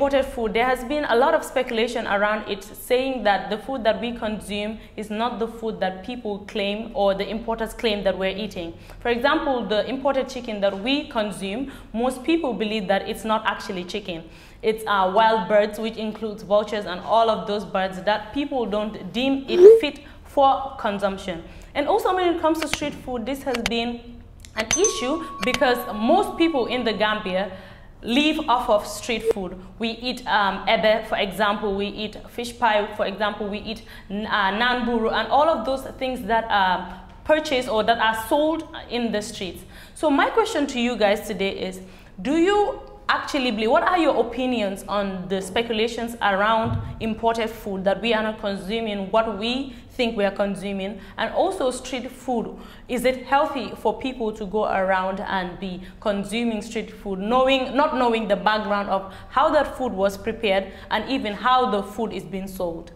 imported food, there has been a lot of speculation around it saying that the food that we consume is not the food that people claim or the importers claim that we're eating. For example, the imported chicken that we consume, most people believe that it's not actually chicken. It's uh, wild birds, which includes vultures and all of those birds that people don't deem it fit for consumption. And also when it comes to street food, this has been an issue because most people in the Gambia live off of street food. We eat um, ebe, for example, we eat fish pie, for example, we eat uh, nanburu, and all of those things that are purchased or that are sold in the streets. So my question to you guys today is, do you actually believe, what are your opinions on the speculations around imported food that we are not consuming what we think we are consuming and also street food is it healthy for people to go around and be consuming street food knowing not knowing the background of how that food was prepared and even how the food is being sold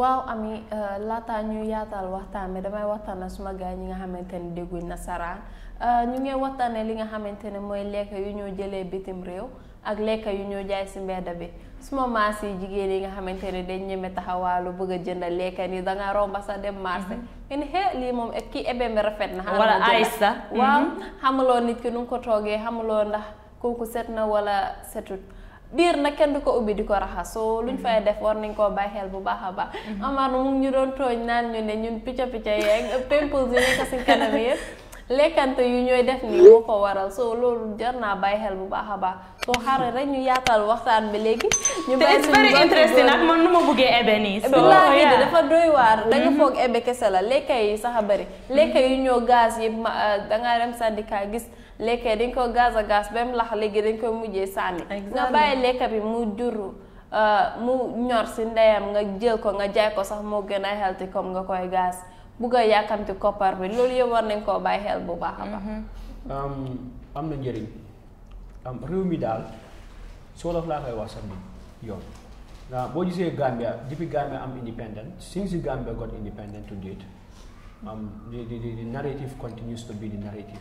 waaw ami eh, laataa ñu yaatal waxtaan bi damay waxtaan ak suma gaay ñi nga xamante eh, ne dégguñ nasaraan ñu ngi waxtaanee li nga xamante ne lekk yu ñoo jëlee bitim réew ak lekk yu ñoo jaay si mbedda bi suma maas yi jigéen yi nga xamante ne dañ ñeme taxawaalu bëgg a jënd lekka ni danga romba sa dem marché mhm. nga ni xee lii moom kii ebe mi rafet na wala ay sax waaw mhm. xamuloo nit ki nu nga ko toogee xamuloo ndax kooku set na wala setut biir nag kenn du ko ubbi di ko raxas soo ñu mhm. fay def war nañ koo bàyyi xel bu baax a baax Amar mu ñu doon tooñ naan ñu ne ñun picca picca yeeg pimples yi nekk si kanam yëpp lekkante yu ñoy def ni moo ko waral so lolu jarna naa hel bu baakha ba so soo rek ñu yaatal waxtaan bi legi ñu bàyyi suñu very interesting nak man numa ma buggee eh, ebe nii. so bilaa dafa doy war da nga fogg ebe kessa la lekay saxa bari lekay yu ñoo gaz yi da nga dem syndicat gis. lekay dañ ko gaz a gaz ba lax legi dañ ko mujjé sànni. nga bàyyi lekay bi mu juru eh, mu ñor ci ndeyam nga jël ko nga jaay ko sax mo gëna healthy comme nga koy gaz buga yakamti copper bi loolu yow war nañ ko bàyyi xel bu baax ba mhm. am am na njëriñ am rew mi dal so la laa koy wax sa bi yoon na bo gisé Gambia depuis Gambia am independent since Gambia got independent to date am the, the, the, narrative continues to be the narrative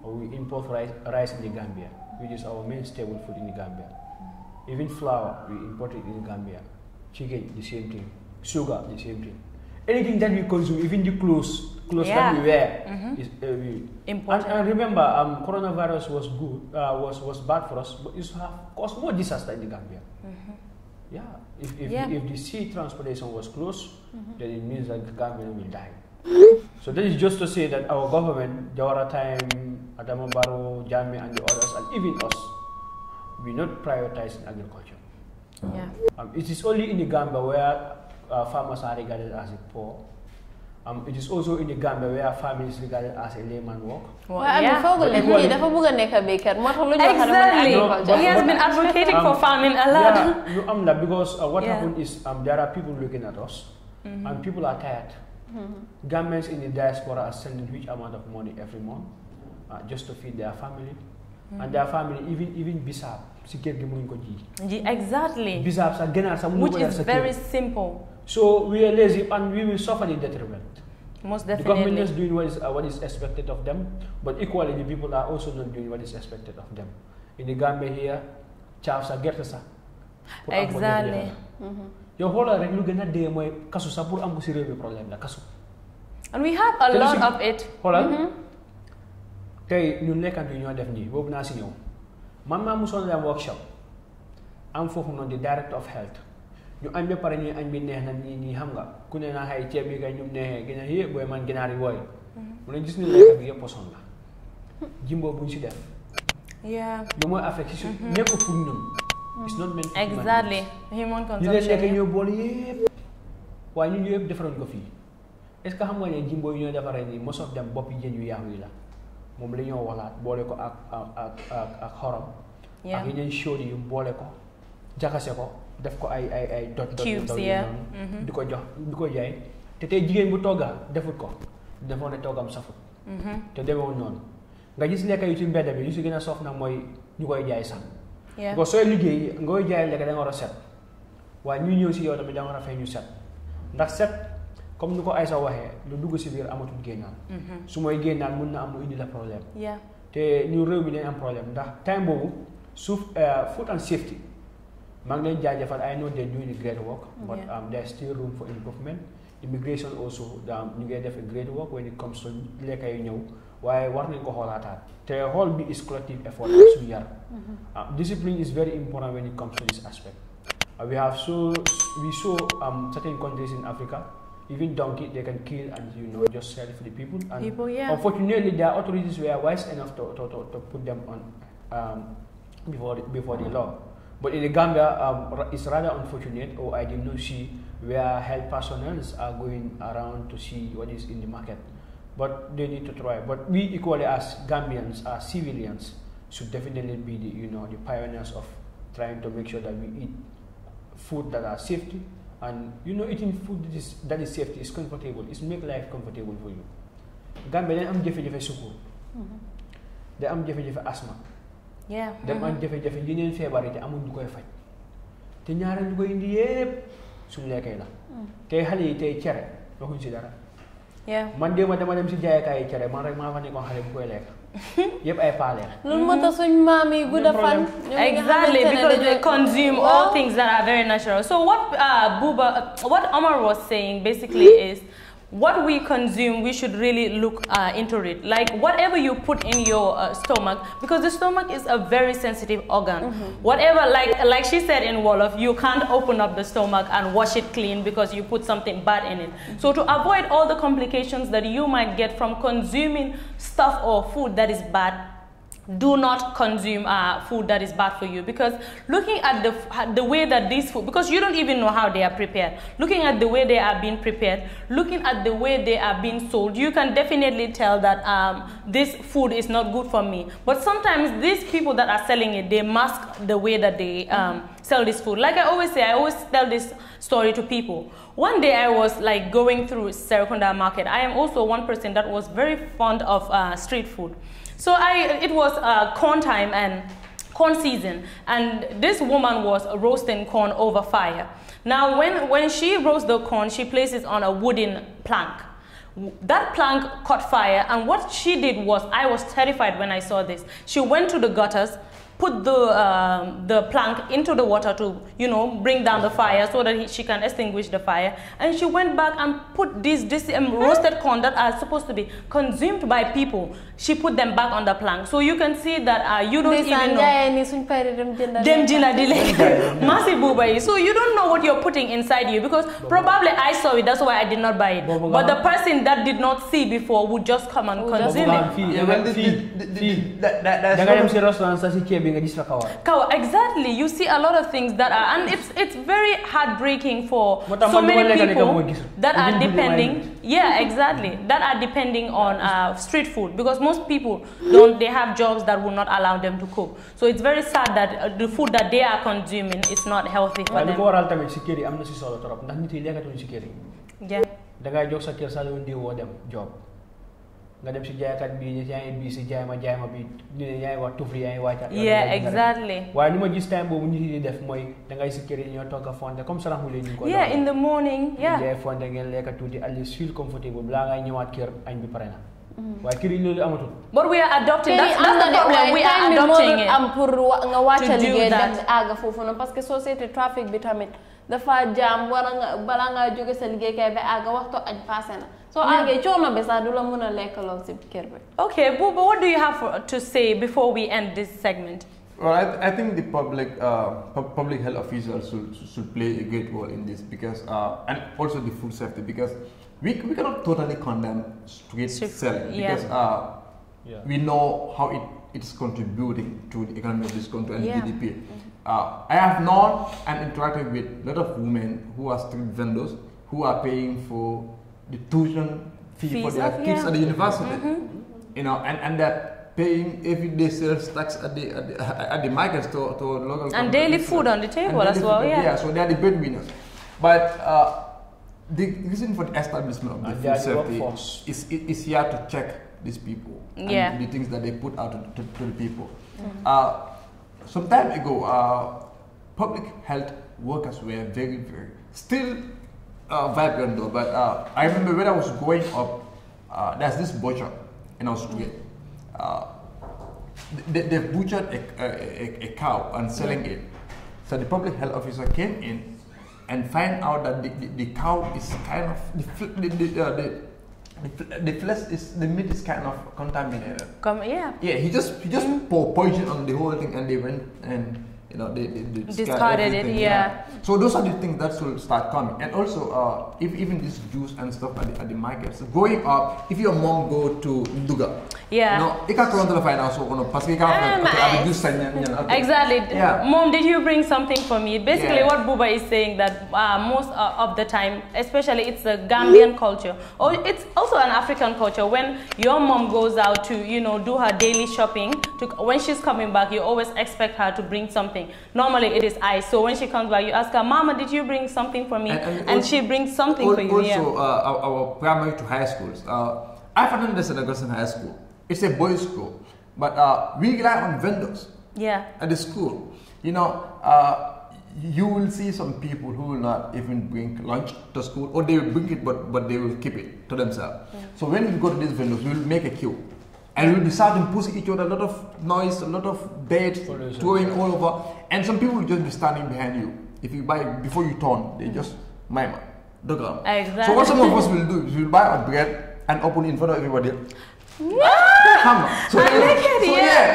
we import rice, rice in the Gambia which is our main staple food in the Gambia even flour we import it in Gambia chicken the same thing sugar the same thing anything that we consume, even the clothes, clothes yeah. that we wear, mm -hmm. is uh, we, important. And, and remember, um, coronavirus was good, uh, was was bad for us, but it have caused more disaster in the Gambia. Mm -hmm. Yeah, if if, yeah. if the sea transportation was closed, mm -hmm. then it means that the Gambia will die. so that is just to say that our government, other Time, Adama Barrow, Jami, and the others, and even us, we not prioritizing agriculture. Yeah. Um, it is only in the Gambia where uh, farmers are regarded as a poor. Um, it is also in the Gambia where farming is regarded as a layman work. Well, yeah. Exactly. No, but, he has been advocating um, for farming a lot. Yeah, you, um, because uh, what yeah. happened is um, there are people looking at us mm -hmm. and people are tired. Mm -hmm. Governments in the diaspora are sending huge amount of money every month uh, just to feed their family. Hmm. and their family even even bisaab si kër gi mënuñ ko ji. exactly. bisaab sax ganaar sax mënuñ ko which is very simple. so we are lazy and we will suffer the detriment. Most definitely. The government is doing what is, uh, what is expected of them, but equally the people are also not doing what is expected of them. In the Gambia here, caaf sa gerte sa. exactly. Mm-hmm. yow xoolal rek lu gën a dee mooy kasu sax pour am ko si réew mi problème la kasu. and we have a lot of it. xoolal. tey ñun lekkantu ñoo def nii boobu naa si ñëw man maa mosoon dem workshop am foofu noonu di director of health ñu am ba pare ñuy añ bi neex na nii nii xam nga ku ne naa xay ceeb bi kay ñu neexee man ginaar yi mm-hmm. mu ne gis ni lekk bi yëpp poson bu ñu si def lu mooy affect si mm-hmm. nekk pour ñun it's not meant exactly ñu leen lekk ñoo bool yëpp ko fii est xam nga ne jimbo yi ñoo defaree nii most of them bopp yi jën yu yaaw yi la moom la ñoo walaat boole ko ak ak ak ak xorom. ak yeneen show yu boole ko jaxase ko def ko ay ay ay. doj doj noonu mm-hmm. di ko jox di ko jaay te tey jigéen bu togga defut ko defoon ne toggam safut. Mm-hmm. te demewul noonu nga gis lekk yu ci mbedd bi yu si gën a soof nag mooy ñu koy jaay sax. ko sooy liggéey nga koy jaay lekk da war a set waaye ñuy ñëw si yow bi da nga war a fay set ndax set. comme ni ko ay sa waxee lu dugg si biir amatul génnaan mhm. su mooy génnaan mun na am lu indi la problème te ñu réew mi dañ am problème ndax time boobu suuf euh, food and safety maa ngi leen jaajëfal I know they're doing a great work but um, there's still room for improvement immigration also um, ñu ngee def a great work when it comes to lekka yu ñëw waaye war nañ ko xoolaataat te xool bi is collective effort suñu yar mhm. um, discipline is very important when it comes to this aspect uh, so we saw certain countries in even donkey they can kill and you know just sell for the people. And people, yeah. Unfortunately, the authorities were wise enough to, to, to, to put them on um, before the, before the law. But in the Gambia, um, it's rather unfortunate, or I did not see where health personnel are going around to see what is in the market. But they need to try. But we equally as Gambians, as civilians, should definitely be the you know the pioneers of trying to make sure that we eat food that are safe and you know, eating food that is, that is safety is comfortable. It's make life comfortable for you. Gambia dañ am jafe-jafe sukkur. da mm-hmm. am jafe-jafe asthma, yeah dem am mm-hmm. jafe-jafe yeneen feebar yi te amul ñu koy faj. te ñaareel ñu koy indi yépp suñu lekkay la. Mm. tey xale yi tey cere waxuñ si dara. man déema dama dem si jaaykaay cere man rek maa fa nekkoon xale bu koy lekk. Yep, I faale. loolu moo tax suñ maam good gudda fan. exactly because they consume all things that are very natural so what uh, Buba uh, what Omar was saying basically is what we consume, we should really look uh, into it. Like whatever you put in your uh, stomach, because the stomach is a very sensitive organ. Mm -hmm. Whatever, like like she said in Wolof, you can't open up the stomach and wash it clean because you put something bad in it. Mm -hmm. So to avoid all the complications that you might get from consuming stuff or food that is bad, do not consume uh, food that is bad for you because looking at the, the way that this food because you don't even know how they are prepared looking at the way they are being prepared looking at the way they are being sold you can definitely tell that um, this food is not good for me but sometimes these people that are selling it they mask the way that they um, sell this food like i always say i always tell this story to people one day i was like going through Serakunda market i am also one person that was very fond of uh, street food so I, it was uh, corn time and corn season, and this woman was roasting corn over fire. Now, when, when she roasts the corn, she places on a wooden plank. That plank caught fire, and what she did was, I was terrified when I saw this. She went to the gutters, put the, um, the plank into the water to, you know, bring down the fire so that he, she can extinguish the fire. And she went back and put these, this um, hmm? roasted corn that are supposed to be consumed by people. She put them back on the plank. So you can see that uh, you don't even know. Dem jina Massive bubai. So you don't know what you're putting inside you because probably I saw it. That's why I did not buy it. But the person that did not see before would just come and consume it. That, that, that's bi kawa kawa exactly you see a lot of things that are and it's it's very heartbreaking for so many people that are depending yeah exactly that are depending on uh, street food because most people don't they have jobs that will not allow them to cook so it's very sad that uh, the food that they are consuming is not healthy for them Yeah. tamit job nga dem si jaaykat bi yaa jaay ma jaay ma bi ñu ne yaa ngi wax tufli yaa ngi wàcca yeah exactly waaye lu ma gis time def mooy dangay si kër yi ñoo togg a fonte comme saraxu leen ñu ko yeah in the morning yeah jaay fonte ngeen lekk tuuti at least feel comfortable balaa ngay ñëwaat kër añ bi pare na mm. waaye kër yi loolu amatul we am pour nga wàcca liggéey dem àgga foofu noonu parce que soo trafic bi tamit dafa jaam war a nga balaa ngaa jóge sa liggéeykaay ba àgg waxtu añ passé na soo àggee coono bi sax du la mën a lekk lool kër bi. okay Buba what do you have to say before we end this segment. Well, I, th I think the public uh, pu public health officials should, should play a great role in this because uh, and also the food safety because we, we cannot totally condemn street selling because Uh, yeah. we know how it it's contributing to the economy of this country and yeah. GDP. Mm -hmm. Uh, I have known and interacted with a lot of women who are street vendors who are paying for the tuition fee Fees for their kids yeah. at the university. Mm-hmm. You know, and, and they're paying everyday sales tax at the at the, at the market store to local and daily food on the table as well. Food, yeah. yeah, so they are the breadwinners. But uh, the reason for the establishment of the and food safety is, is here to check these people yeah. and the things that they put out to, to, to the people. Mm-hmm. Uh, some time ago, uh, public health workers were very, very still uh, vibrant though. But uh, I remember when I was growing up, uh, there's this butcher in Australia. Mm. Uh, they, they butchered a, a, a, cow and selling it. So the public health officer came in and find out that the, the, the cow is kind of the, the, the, uh, the, flesh is the meat is kind of contaminated. Come, yeah. Yeah, he just he just poured poison on the whole thing, and they went and you know they, they, they discarded it yeah. yeah. so those are the things that should start coming and also uh, if even this juice and stuff at the, at the markets so going up if your mom go to Nduga yeah no ika ko ndala fine also kono parce que ika okay, exactly yeah. mom did you bring something for me basically yeah. what buba is saying that uh, most uh, of the time especially it's a gambian culture or oh, it's also an african culture when your mom goes out to you know do her daily shopping to, when she's coming back you always expect her to bring something something. Normally it is I. So when she comes back, you ask her, Mama, did you bring something for me? And, and, and also, she brings something for you. Also, yeah. uh, our, primary to high schools. Uh, I found this in Augustine High School. It's a boys' school, but uh, we rely on vendors. Yeah. At the school, you know. Uh, you will see some people who will not even bring lunch to school or they will bring it but, but they will keep it to themselves. Yeah. So when we go to these vendors, we will make a queue and we'll be starting pushing each other, a lot of noise, a lot of bed throwing all over, and some people will just be standing behind you. If you buy before you turn, they mm-hmm. just mime the Exactly. So what some of us will do is we'll buy a bread and open it in front of everybody. So, yeah.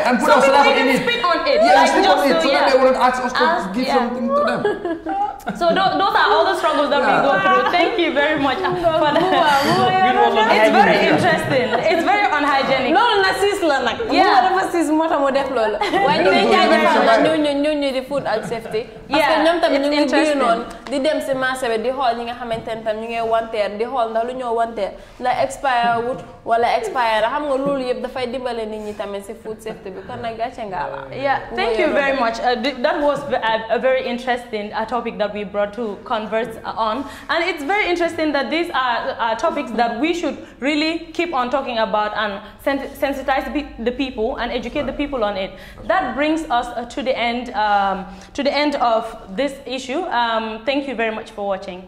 and put so ourselves in it. Spit on it. Yeah, like, spit on it, so, yeah. they wouldn't ask us to As, give yeah. something to them. So those, are all the struggles that we go through. Thank you very much for that. it's very interesting. It's very unhygienic. No, narcissist, like yeah. Whatever is more than what they When you food and safety. parce que ñoom tamit ñu ngi biir noonu di dem si marché bi di xool ñi nga xamante ne tam ñu ngi wanteer di xool ndax lu ñoo wanteer ndax expire wut wala expire la xam nga loolu yëpp dafay dimbale nit ñi tamit si food safety bi kon nag gàcce ngaa la. yeah thank you very much uh, that was uh, a very interesting a uh, topic that we brought to converse uh, on and it's very interesting that these are uh, topics that we should really keep on talking about and sensitize the people and educate the people on it. That brings us to the end. Uh, um, to the end of this issue. Um, thank you very much for watching.